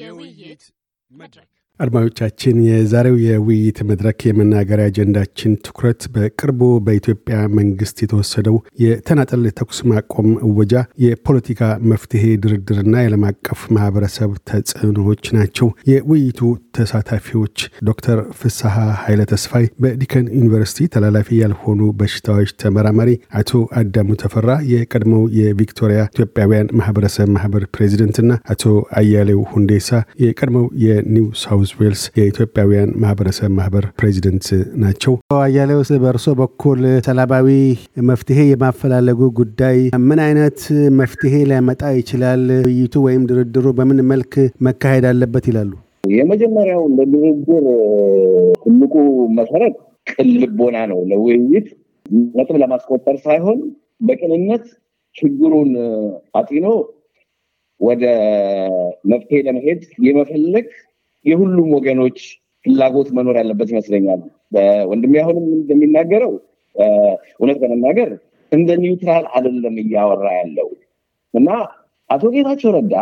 የውይይት መድረክ አድማጮቻችን የዛሬው የውይይት መድረክ የመናገሪያ አጀንዳችን ትኩረት በቅርቡ በኢትዮጵያ መንግስት የተወሰደው የተናጠል ተኩስ ማቆም እወጃ፣ የፖለቲካ መፍትሄ ድርድርና የዓለም አቀፍ ማህበረሰብ ተጽዕኖዎች ናቸው። የውይይቱ ተሳታፊዎች ዶክተር ፍስሐ ኃይለ ተስፋይ በዲከን ዩኒቨርሲቲ ተላላፊ ያልሆኑ በሽታዎች ተመራማሪ፣ አቶ አዳሙ ተፈራ የቀድሞው የቪክቶሪያ ኢትዮጵያውያን ማህበረሰብ ማህበር ና አቶ አያሌው ሁንዴሳ የቀድሞው የኒው ሳውዝ ዌልስ የኢትዮጵያውያን ማህበረሰብ ማህበር ፕሬዚደንት ናቸው። አያሌው፣ በእርሶ በኩል ሰላማዊ መፍትሄ የማፈላለጉ ጉዳይ ምን አይነት መፍትሄ ሊያመጣ ይችላል? ውይይቱ ወይም ድርድሩ በምን መልክ መካሄድ አለበት ይላሉ? የመጀመሪያው ለንግግር ትልቁ መሰረት ቅን ልቦና ነው። ለውይይት ነጥብ ለማስቆጠር ሳይሆን በቅንነት ችግሩን አጢኖ ወደ መፍትሄ ለመሄድ የመፈለግ የሁሉም ወገኖች ፍላጎት መኖር ያለበት ይመስለኛል። ወንድሜ አሁንም እንደሚናገረው እውነት ለመናገር እንደ ኒውትራል አይደለም እያወራ ያለው እና አቶ ጌታቸው ረዳ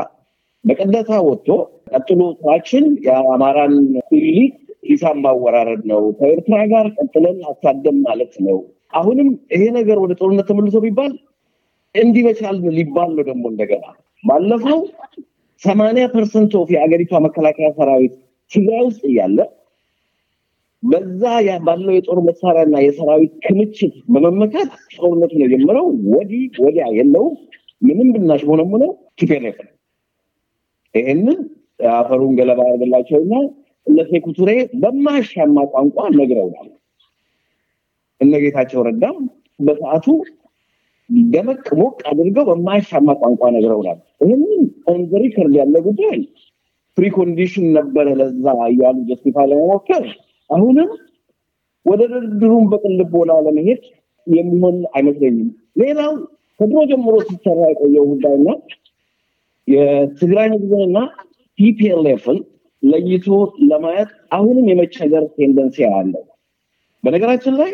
በቀደታ ወጥቶ ቀጥሎ ስራችን የአማራን ኢሊት ሂሳብ ማወራረድ ነው። ከኤርትራ ጋር ቀጥለን አሳደም ማለት ነው። አሁንም ይሄ ነገር ወደ ጦርነት ተመልሶ ቢባል እንዲመቻል ሊባል ነው። ደግሞ እንደገና ባለፈው ሰማንያ ፐርሰንት ኦፍ የአገሪቷ መከላከያ ሰራዊት ትግራይ ውስጥ እያለ በዛ ባለው የጦር መሳሪያና የሰራዊት ክምችት በመመካት ጦርነቱ ነው የጀመረው። ወዲህ ወዲያ የለውም ምንም ብናሽ ሆነም ሆነ ይህንን አፈሩን ገለባ አድርግላቸውና እነ ሴኩቱሬ በማያሻማ ቋንቋ ነግረውናል። እነ ጌታቸው ረዳም በሰዓቱ ደመቅ ሞቅ አድርገው በማያሻማ ቋንቋ ነግረውናል። ይህንን ኦን ዘ ያለ ጉዳይ ፕሪኮንዲሽን ነበረ ለዛ እያሉ ጀስቲፋይ ለመሞከር አሁንም ወደ ድርድሩን በቅልብ ቦላ ለመሄድ የሚሆን አይመስለኝም። ሌላው ከድሮ ጀምሮ ሲሰራ የቆየው ጉዳይና የትግራይ ህዝብንና ቲፒኤልኤፍን ለይቶ ለማየት አሁንም የመቸገር ቴንደንሲ አለው። በነገራችን ላይ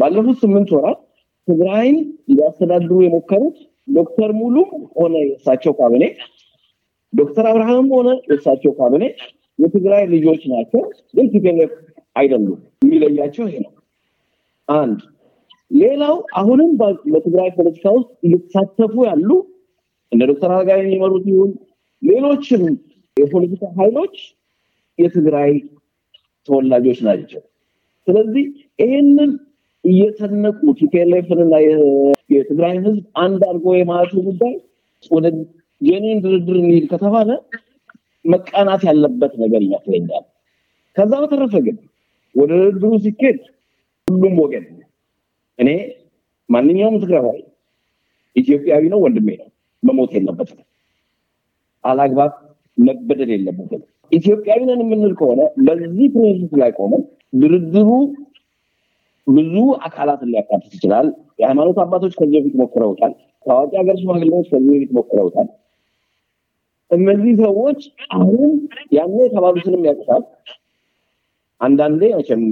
ባለፉት ስምንት ወራት ትግራይን ሊያስተዳድሩ የሞከሩት ዶክተር ሙሉም ሆነ የእሳቸው ካቢኔ፣ ዶክተር አብርሃም ሆነ የእሳቸው ካቢኔ የትግራይ ልጆች ናቸው፣ ግን ቲፒኤልኤፍ አይደሉም። የሚለያቸው ይሄ ነው። አንድ ሌላው አሁንም በትግራይ ፖለቲካ ውስጥ እየተሳተፉ ያሉ እነ ዶክተር አረጋዊ የሚመሩት ይሁን ሌሎችም የፖለቲካ ኃይሎች የትግራይ ተወላጆች ናቸው። ስለዚህ ይህንን እየሰነቁ ቲፒኤልኤፍንና የትግራይን ህዝብ አንድ አድርጎ የማለቱ ጉዳይ ወደ የኔን ድርድር እንሂድ ከተባለ መቃናት ያለበት ነገር ይመስለኛል። ከዛ በተረፈ ግን ወደ ድርድሩ ሲኬድ ሁሉም ወገን እኔ ማንኛውም ትግራዋይ ኢትዮጵያዊ ነው፣ ወንድሜ ነው፣ መሞት የለበትም አላግባብ መበደል የለበትም። ኢትዮጵያዊ ነን የምንል ከሆነ በዚህ ፕሪንሲፕ ላይ ቆመን ድርድሩ ብዙ አካላትን ሊያካትት ይችላል። የሃይማኖት አባቶች ከዚህ በፊት ሞክረውታል። ታዋቂ ሀገር ሽማግሌዎች ከዚህ በፊት ሞክረውታል። እነዚህ ሰዎች አሁን ያኔ የተባሉትንም ያውቁታል። አንዳንዴ መቼም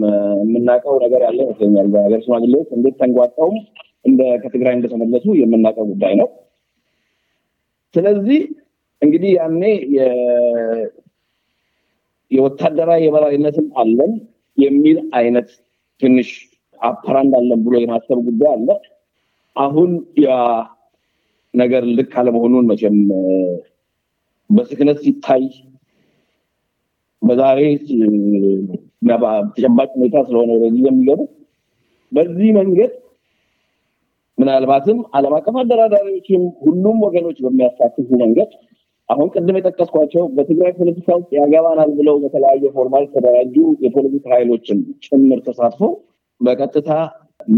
የምናውቀው ነገር ያለ ይመስለኛል። በሀገር ሽማግሌዎች እንዴት ተንጓጠውም ከትግራይ እንደተመለሱ የምናውቀው ጉዳይ ነው። ስለዚህ እንግዲህ ያኔ የወታደራዊ የበላይነትም አለን የሚል አይነት ትንሽ አፐራንድ አለን ብሎ የማሰብ ጉዳይ አለ። አሁን ያ ነገር ልክ አለመሆኑን መቼም በስክነት ሲታይ በዛሬ ተጨባጭ ሁኔታ ስለሆነ ወደዚህ የሚገቡ በዚህ መንገድ ምናልባትም አለም አቀፍ አደራዳሪዎችም ሁሉም ወገኖች በሚያሳትፉ መንገድ አሁን ቅድም የጠቀስኳቸው በትግራይ ፖለቲካ ውስጥ ያገባናል ብለው በተለያየ ፎርማል የተደራጁ የፖለቲካ ኃይሎችን ጭምር ተሳትፎ በቀጥታ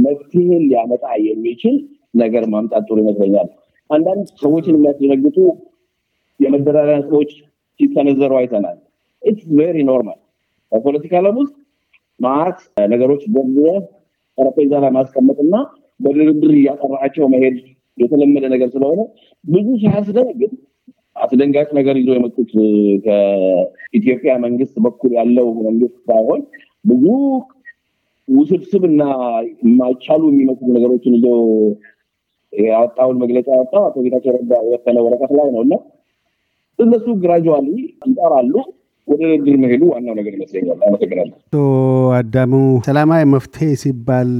መፍትሄን ሊያመጣ የሚችል ነገር ማምጣት ጥሩ ይመስለኛል። አንዳንድ ሰዎችን የሚያስደነግጡ የመደራሪያ ነጥቦች ሲሰነዘሩ አይተናል። ኢትስ ቬሪ ኖርማል። በፖለቲካ ዓለም ውስጥ ማዕት ነገሮች በዚያ ጠረጴዛ ላይ ማስቀመጥና በድርድር እያጠራቸው መሄድ የተለመደ ነገር ስለሆነ ብዙ ሳያስደነግጥ አስደንጋጭ ነገር ይዞ የመጡት ከኢትዮጵያ መንግስት በኩል ያለው መንግስት ሳይሆን ብዙ ውስብስብ እና የማይቻሉ የሚመስሉ ነገሮችን ይዞ ያወጣውን መግለጫ ያወጣው አቶ ጌታቸው ረዳ የወሰነ ወረቀት ላይ ነው እና እነሱ ግራጁዋሊ ይጠራሉ ወደ ድርድር መሄዱ ዋናው ነገር ይመስለኛል። አመሰግናለሁ። አዳሙ፣ ሰላማዊ መፍትሄ ሲባል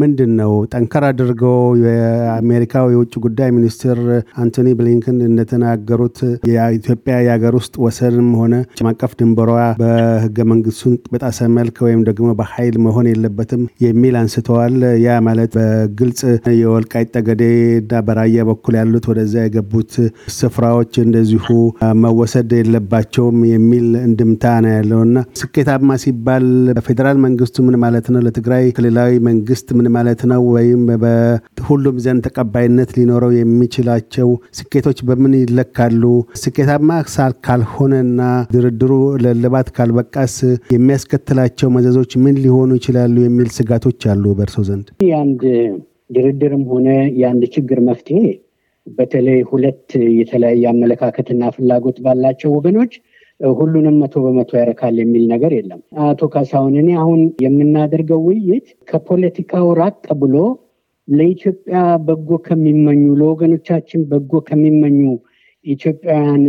ምንድን ነው? ጠንከር አድርገው የአሜሪካው የውጭ ጉዳይ ሚኒስትር አንቶኒ ብሊንከን እንደተናገሩት የኢትዮጵያ የሀገር ውስጥ ወሰንም ሆነ ዓለም አቀፍ ድንበሯ በህገ መንግስቱን በጣሰ መልክ ወይም ደግሞ በኃይል መሆን የለበትም የሚል አንስተዋል። ያ ማለት በግልጽ የወልቃይት ጠገዴ እና በራያ በኩል ያሉት ወደዚያ የገቡት ስፍራዎች እንደዚሁ መወሰድ የለባቸውም የሚል እንድምታ ነው ያለውና ስኬታማ ሲባል በፌዴራል መንግስቱ ምን ማለት ነው? ለትግራይ ክልላዊ መንግስት ምን ማለት ነው? ወይም በሁሉም ዘንድ ተቀባይነት ሊኖረው የሚችላቸው ስኬቶች በምን ይለካሉ? ስኬታማ ካልሆነና ድርድሩ ለልባት ካልበቃስ የሚያስከትላቸው መዘዞች ምን ሊሆኑ ይችላሉ የሚል ስጋቶች አሉ በእርሶ ዘንድ? የአንድ ድርድርም ሆነ የአንድ ችግር መፍትሄ በተለይ ሁለት የተለያየ አመለካከትና ፍላጎት ባላቸው ወገኖች ሁሉንም መቶ በመቶ ያረካል የሚል ነገር የለም። አቶ ካሳሁን፣ እኔ አሁን የምናደርገው ውይይት ከፖለቲካው ራቅ ብሎ ለኢትዮጵያ በጎ ከሚመኙ ለወገኖቻችን በጎ ከሚመኙ ኢትዮጵያውያን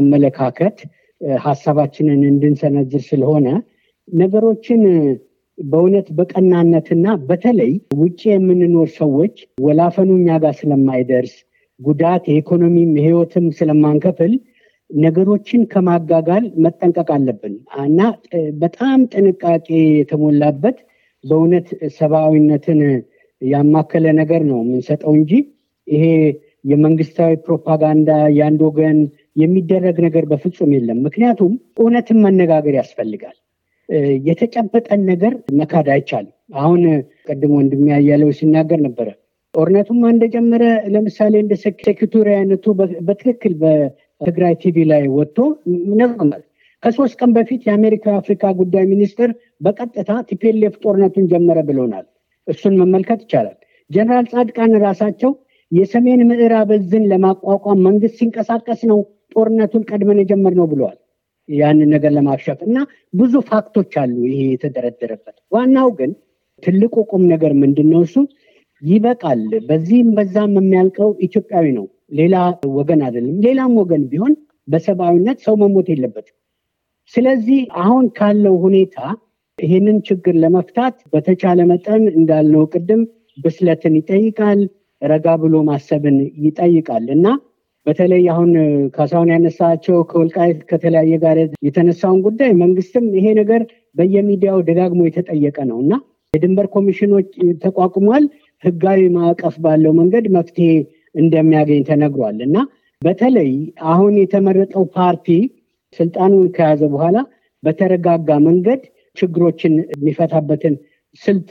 አመለካከት ሀሳባችንን እንድንሰነዝር ስለሆነ ነገሮችን በእውነት በቀናነትና በተለይ ውጭ የምንኖር ሰዎች ወላፈኑ እኛ ጋር ስለማይደርስ ጉዳት የኢኮኖሚም ህይወትም ስለማንከፍል ነገሮችን ከማጋጋል መጠንቀቅ አለብን እና በጣም ጥንቃቄ የተሞላበት በእውነት ሰብአዊነትን ያማከለ ነገር ነው የምንሰጠው እንጂ ይሄ የመንግስታዊ ፕሮፓጋንዳ የአንድ ወገን የሚደረግ ነገር በፍጹም የለም። ምክንያቱም እውነትን መነጋገር ያስፈልጋል። የተጨበጠን ነገር መካድ አይቻልም። አሁን ቀድሞ እንደሚያያለው ሲናገር ነበረ ጦርነቱም እንደጀመረ ለምሳሌ እንደ ሴኪቱሪ አይነቱ በትክክል ትግራይ ቲቪ ላይ ወጥቶ ነግሮናል። ከሶስት ቀን በፊት የአሜሪካ የአፍሪካ ጉዳይ ሚኒስትር በቀጥታ ቲፒኤልኤፍ ጦርነቱን ጀመረ ብሎናል። እሱን መመልከት ይቻላል። ጀነራል ጻድቃን ራሳቸው የሰሜን ምዕራብ እዝን ለማቋቋም መንግስት ሲንቀሳቀስ ነው ጦርነቱን ቀድመን የጀመርነው ብለዋል። ያንን ነገር ለማክሸፍ እና ብዙ ፋክቶች አሉ ይሄ የተደረደረበት። ዋናው ግን ትልቁ ቁም ነገር ምንድን ነው? እሱ ይበቃል፣ በዚህም በዛም የሚያልቀው ኢትዮጵያዊ ነው። ሌላ ወገን አይደለም። ሌላም ወገን ቢሆን በሰብአዊነት ሰው መሞት የለበትም። ስለዚህ አሁን ካለው ሁኔታ ይህንን ችግር ለመፍታት በተቻለ መጠን እንዳልነው ቅድም ብስለትን ይጠይቃል፣ ረጋ ብሎ ማሰብን ይጠይቃል እና በተለይ አሁን ካሳሁን ያነሳቸው ከወልቃይት ከተለያየ ጋር የተነሳውን ጉዳይ መንግስትም ይሄ ነገር በየሚዲያው ደጋግሞ የተጠየቀ ነው እና የድንበር ኮሚሽኖች ተቋቁሟል። ህጋዊ ማዕቀፍ ባለው መንገድ መፍትሄ እንደሚያገኝ ተነግሯል እና በተለይ አሁን የተመረጠው ፓርቲ ስልጣኑን ከያዘ በኋላ በተረጋጋ መንገድ ችግሮችን የሚፈታበትን ስልት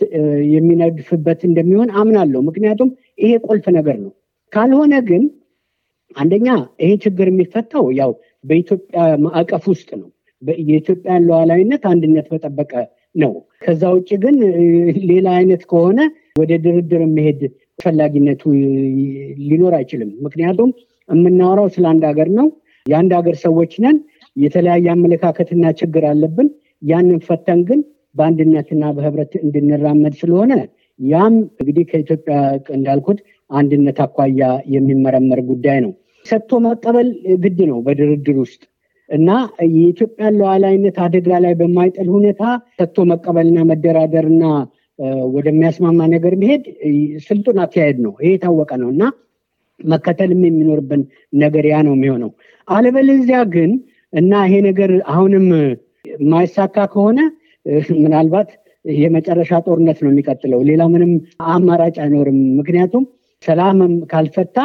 የሚነድፍበት እንደሚሆን አምናለሁ። ምክንያቱም ይሄ ቁልፍ ነገር ነው። ካልሆነ ግን አንደኛ ይሄ ችግር የሚፈታው ያው በኢትዮጵያ ማዕቀፍ ውስጥ ነው። የኢትዮጵያን ለዋላዊነት አንድነት በጠበቀ ነው። ከዛ ውጭ ግን ሌላ አይነት ከሆነ ወደ ድርድር መሄድ ፈላጊነቱ ሊኖር አይችልም። ምክንያቱም የምናወራው ስለ አንድ ሀገር ነው። የአንድ ሀገር ሰዎች ነን። የተለያየ አመለካከትና ችግር አለብን። ያንን ፈተን ግን በአንድነትና በህብረት እንድንራመድ ስለሆነ ያም እንግዲህ ከኢትዮጵያ እንዳልኩት አንድነት አኳያ የሚመረመር ጉዳይ ነው። ሰጥቶ መቀበል ግድ ነው በድርድር ውስጥ እና የኢትዮጵያን ሉዓላዊነት አደጋ ላይ በማይጠል ሁኔታ ሰጥቶ መቀበልና መደራደርና ወደሚያስማማ ነገር መሄድ ስልጡን አካሄድ ነው። ይሄ የታወቀ ነው እና መከተልም የሚኖርብን ነገር ያ ነው የሚሆነው። አለበለዚያ ግን እና ይሄ ነገር አሁንም የማይሳካ ከሆነ ምናልባት የመጨረሻ ጦርነት ነው የሚቀጥለው። ሌላ ምንም አማራጭ አይኖርም። ምክንያቱም ሰላምም ካልፈታ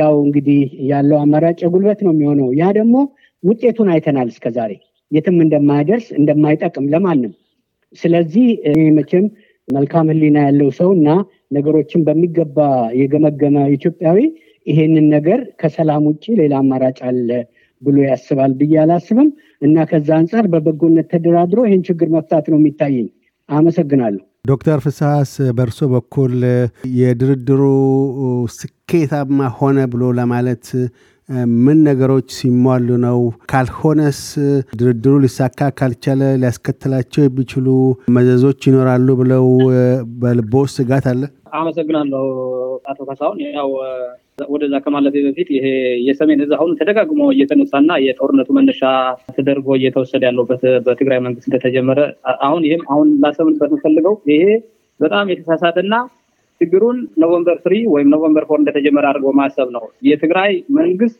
ያው እንግዲህ ያለው አማራጭ የጉልበት ነው የሚሆነው። ያ ደግሞ ውጤቱን አይተናል እስከዛሬ የትም እንደማያደርስ እንደማይጠቅም ለማንም። ስለዚህ መቼም መልካም ህሊና ያለው ሰው እና ነገሮችን በሚገባ የገመገመ ኢትዮጵያዊ ይሄንን ነገር ከሰላም ውጭ ሌላ አማራጭ አለ ብሎ ያስባል ብዬ አላስብም እና ከዛ አንጻር በበጎነት ተደራድሮ ይህን ችግር መፍታት ነው የሚታየኝ። አመሰግናለሁ። ዶክተር ፍስሐስ በእርሶ በኩል የድርድሩ ስኬታማ ሆነ ብሎ ለማለት ምን ነገሮች ሲሟሉ ነው? ካልሆነስ ድርድሩ ሊሳካ ካልቻለ ሊያስከትላቸው የሚችሉ መዘዞች ይኖራሉ ብለው በልቦ ስጋት አለ? አመሰግናለሁ አቶ ካሳሁን። ያው ወደዛ ከማለፌ በፊት ይሄ የሰሜን እዝ አሁን ተደጋግሞ እየተነሳና የጦርነቱ መነሻ ተደርጎ እየተወሰደ ያለበት በትግራይ መንግስት እንደተጀመረ አሁን ይህም አሁን ላሰምንበት የምፈልገው ይሄ በጣም የተሳሳተና ችግሩን ኖቨምበር ስሪ ወይም ኖቨምበር ፎር እንደተጀመረ አድርጎ ማሰብ ነው። የትግራይ መንግስት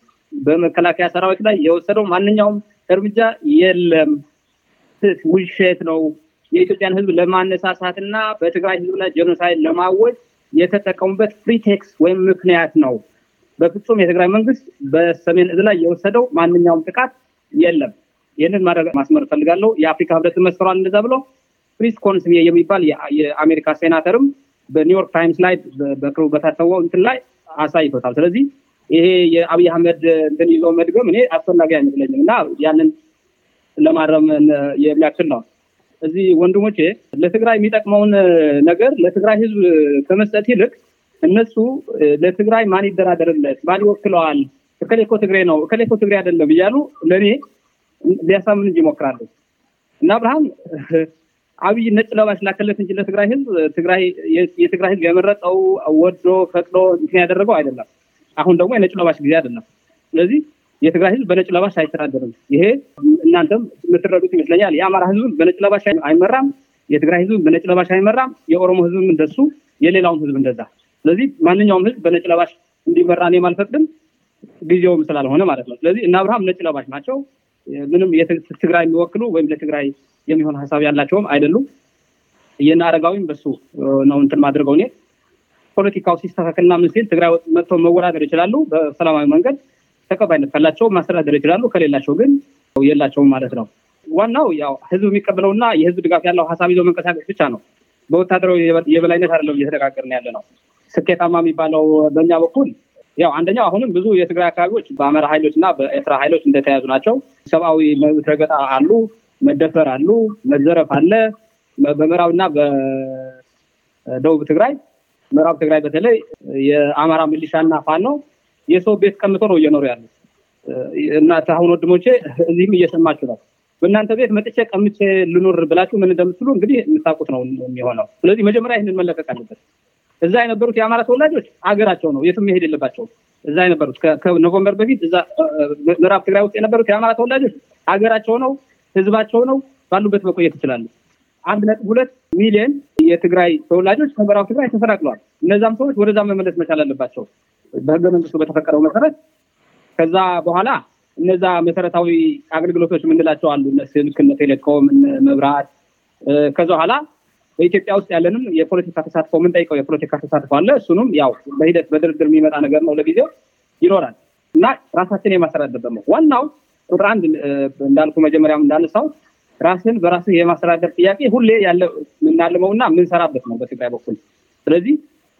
በመከላከያ ሰራዊት ላይ የወሰደው ማንኛውም እርምጃ የለም፣ ውሸት ነው። የኢትዮጵያን ህዝብ ለማነሳሳትና በትግራይ ህዝብ ላይ ጀኖሳይድ ለማወጅ የተጠቀሙበት ፕሪቴክስ ወይም ምክንያት ነው። በፍጹም የትግራይ መንግስት በሰሜን እዝ ላይ የወሰደው ማንኛውም ጥቃት የለም። ይህንን ማድረግ ማስመር እፈልጋለሁ። የአፍሪካ ህብረት መስሯል እንደዛ ብሎ ፕሪስ ኮንስ የሚባል የአሜሪካ ሴናተርም በኒውዮርክ ታይምስ ላይ በቅርቡ በታተመው እንትን ላይ አሳይቶታል። ስለዚህ ይሄ የአብይ አህመድ እንትን ይዞ መድገም እኔ አስፈላጊ አይመስለኝም እና ያንን ለማረም የሚያክል ነው። እዚህ ወንድሞቼ ለትግራይ የሚጠቅመውን ነገር ለትግራይ ህዝብ ከመስጠት ይልቅ እነሱ ለትግራይ ማን ይደራደርለት፣ ማን ይወክለዋል፣ እከሌ እኮ ትግሬ ነው፣ እከሌ እኮ ትግሬ አይደለም እያሉ ለእኔ ሊያሳምን እንጂ ይሞክራሉ እና ብርሃን አብይ ነጭ ለባሽ ላከለት እንጂ ለትግራይ ህዝብ ትግራይ የትግራይ ህዝብ የመረጠው ወዶ ፈቅዶ እንትን ያደረገው አይደለም። አሁን ደግሞ የነጭ ለባሽ ጊዜ አይደለም። ስለዚህ የትግራይ ህዝብ በነጭ ለባሽ አይተዳደርም። ይሄ እናንተም የምትረዱት ይመስለኛል። የአማራ ህዝብ በነጭ ለባሽ አይመራም። የትግራይ ህዝብ በነጭ ለባሽ አይመራም። የኦሮሞ ህዝብም እንደሱ፣ የሌላውም ህዝብ እንደዛ። ስለዚህ ማንኛውም ህዝብ በነጭ ለባሽ እንዲመራ እኔም አልፈቅድም፣ ጊዜውም ስላልሆነ ማለት ነው። ስለዚህ እና አብርሃም ነጭ ለባሽ ናቸው። ምንም የትግራይ የሚወክሉ ወይም ለትግራይ የሚሆን ሀሳብ ያላቸውም አይደሉም። የነ አረጋዊም በሱ ነው እንትን ማድረገው እኔ ፖለቲካው ሲስተካከልና ምን ሲል ትግራይ መጥቶ መወዳደር ይችላሉ። በሰላማዊ መንገድ ተቀባይነት ካላቸው ማስተዳደር ይችላሉ። ከሌላቸው ግን የላቸውም ማለት ነው። ዋናው ያው ህዝብ የሚቀበለውና የህዝብ ድጋፍ ያለው ሀሳብ ይዞ መንቀሳቀስ ብቻ ነው። በወታደራዊ የበላይነት አይደለም እየተነጋገርን ያለ ነው። ስኬታማ የሚባለው በእኛ በኩል ያው አንደኛው አሁንም ብዙ የትግራይ አካባቢዎች በአማራ ኃይሎች እና በኤርትራ ኃይሎች እንደተያዙ ናቸው። ሰብአዊ መብት ረገጣ አሉ። መደፈር አሉ፣ መዘረፍ አለ። በምዕራብና በደቡብ ትግራይ ምዕራብ ትግራይ በተለይ የአማራ ሚሊሻና ፋኖ የሰው ቤት ቀምቶ ነው እየኖሩ ያሉ እና አሁን ወንድሞቼ እዚህም እየሰማችሁ ነው። በእናንተ ቤት መጥቼ ቀምቼ ልኑር ብላችሁ ምን እንደምትሉ እንግዲህ የምታውቁት ነው የሚሆነው። ስለዚህ መጀመሪያ ይህንን መለቀቅ አለበት። እዛ የነበሩት የአማራ ተወላጆች አገራቸው ነው፣ የትም መሄድ የለባቸውም። እዛ የነበሩት ከኖቨምበር በፊት እዛ ምዕራብ ትግራይ ውስጥ የነበሩት የአማራ ተወላጆች አገራቸው ነው፣ ህዝባቸው ነው ባሉበት መቆየት ይችላሉ። አንድ ነጥብ ሁለት ሚሊዮን የትግራይ ተወላጆች ከምዕራብ ትግራይ ተፈናቅለዋል። እነዛም ሰዎች ወደዛ መመለስ መቻል አለባቸው በህገ መንግስቱ በተፈቀደው መሰረት። ከዛ በኋላ እነዛ መሰረታዊ አገልግሎቶች የምንላቸው አሉ፣ እነ ስልክ፣ እነ ቴሌኮም፣ እነ መብራት። ከዛ በኋላ በኢትዮጵያ ውስጥ ያለንም የፖለቲካ ተሳትፎ የምንጠይቀው የፖለቲካ ተሳትፎ አለ። እሱንም ያው በሂደት በድርድር የሚመጣ ነገር ነው፣ ለጊዜው ይኖራል እና ራሳችን የማሰራት ዋናው ቁጥር አንድ እንዳልኩ መጀመሪያም እንዳነሳው ራስን በራስህ የማስተዳደር ጥያቄ ሁሌ ያለ የምናልመው እና የምንሰራበት ነው በትግራይ በኩል። ስለዚህ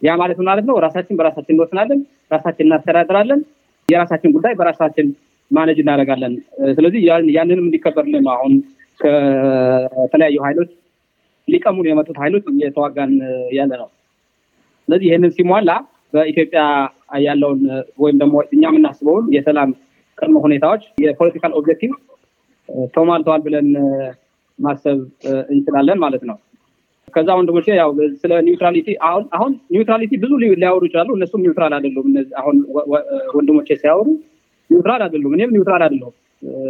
ያ ማለት ማለት ነው ራሳችን በራሳችን እንወስናለን፣ ራሳችን እናስተዳድራለን፣ የራሳችን ጉዳይ በራሳችን ማነጅ እናደርጋለን። ስለዚህ ያንንም እንዲከበርልን አሁን ከተለያዩ ሀይሎች ሊቀሙን የመጡት ሀይሎች እየተዋጋን ያለ ነው። ስለዚህ ይህንን ሲሟላ በኢትዮጵያ ያለውን ወይም ደግሞ እኛ የምናስበውን የሰላም ቅድመ ሁኔታዎች የፖለቲካል ኦብጀክቲቭ ተሟልተዋል ብለን ማሰብ እንችላለን ማለት ነው። ከዛ ወንድሞቼ ያው ስለ ኒውትራሊቲ አሁን አሁን ኒውትራሊቲ ብዙ ሊያወሩ ይችላሉ። እነሱም ኒውትራል አይደሉም። አሁን ወንድሞቼ ሲያወሩ ኒውትራል አይደሉም። እኔም ኒውትራል አይደለሁም።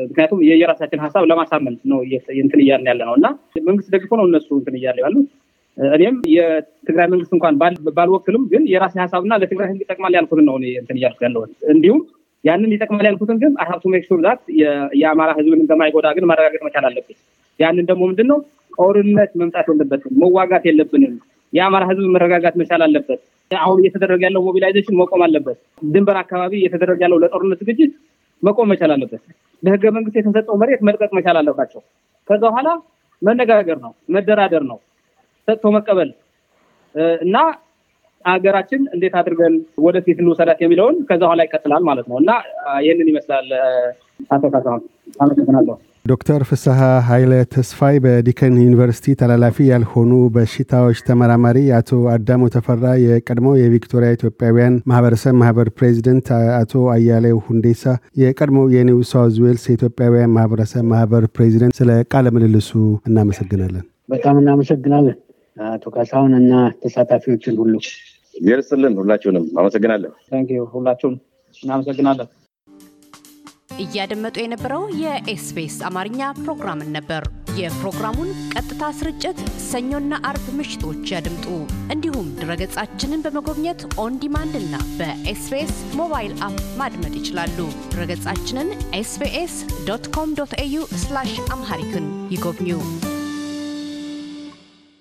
ምክንያቱም የየራሳችን ሀሳብ ለማሳመን ነው እንትን እያልን ያለ ነው እና መንግስት ደግፎ ነው እነሱ እንትን እያለ ያሉ እኔም የትግራይ መንግስት እንኳን ባልወክልም ግን የራሴ ሀሳብና ለትግራይ ህዝብ ይጠቅማል ያልኩትን ነው እንትን እያልኩ ያለሁት እንዲሁም ያንን ይጠቅማል ያልኩትን ግን አሀብቱ ሀብቱ ዛት የአማራ ህዝብን እንደማይጎዳ ግን ማረጋገጥ መቻል አለብን። ያንን ደግሞ ምንድን ነው ጦርነት መምጣት የለበትም፣ መዋጋት የለብንም። የአማራ ህዝብ መረጋጋት መቻል አለበት። አሁን እየተደረገ ያለው ሞቢላይዜሽን መቆም አለበት። ድንበር አካባቢ እየተደረገ ያለው ለጦርነት ዝግጅት መቆም መቻል አለበት። ለህገ መንግስት የተሰጠው መሬት መልቀቅ መቻል አለባቸው። ከዛ በኋላ መነጋገር ነው፣ መደራደር ነው፣ ሰጥቶ መቀበል እና ሀገራችን እንዴት አድርገን ወደፊት እንውሰዳት የሚለውን ከዛ ኋላ ይቀጥላል ማለት ነው እና ይህንን ይመስላል። አቶ ካሳሁን አመሰግናለሁ። ዶክተር ፍስሐ ኃይለ ተስፋይ በዲከን ዩኒቨርሲቲ ተላላፊ ያልሆኑ በሽታዎች ተመራማሪ፣ አቶ አዳሙ ተፈራ የቀድሞ የቪክቶሪያ ኢትዮጵያውያን ማህበረሰብ ማህበር ፕሬዚደንት፣ አቶ አያሌው ሁንዴሳ የቀድሞ የኒው ሳውዝ ዌልስ የኢትዮጵያውያን ማህበረሰብ ማህበር ፕሬዚደንት፣ ስለ ቃለ ምልልሱ እናመሰግናለን። በጣም እናመሰግናለን። አቶ ካሳሁን እና ተሳታፊዎችን ሁሉ ይርስልን። ሁላችሁንም አመሰግናለሁ። ሁላችሁም እናመሰግናለን። እያደመጡ የነበረው የኤስቢኤስ አማርኛ ፕሮግራምን ነበር። የፕሮግራሙን ቀጥታ ስርጭት ሰኞና አርብ ምሽቶች ያድምጡ። እንዲሁም ድረገጻችንን በመጎብኘት ኦን ዲማንድ እና በኤስቢኤስ ሞባይል አፕ ማድመጥ ይችላሉ። ድረገጻችንን ኤስቢኤስ ዶት ኮም ዶት ኤዩ አምሃሪክን ይጎብኙ።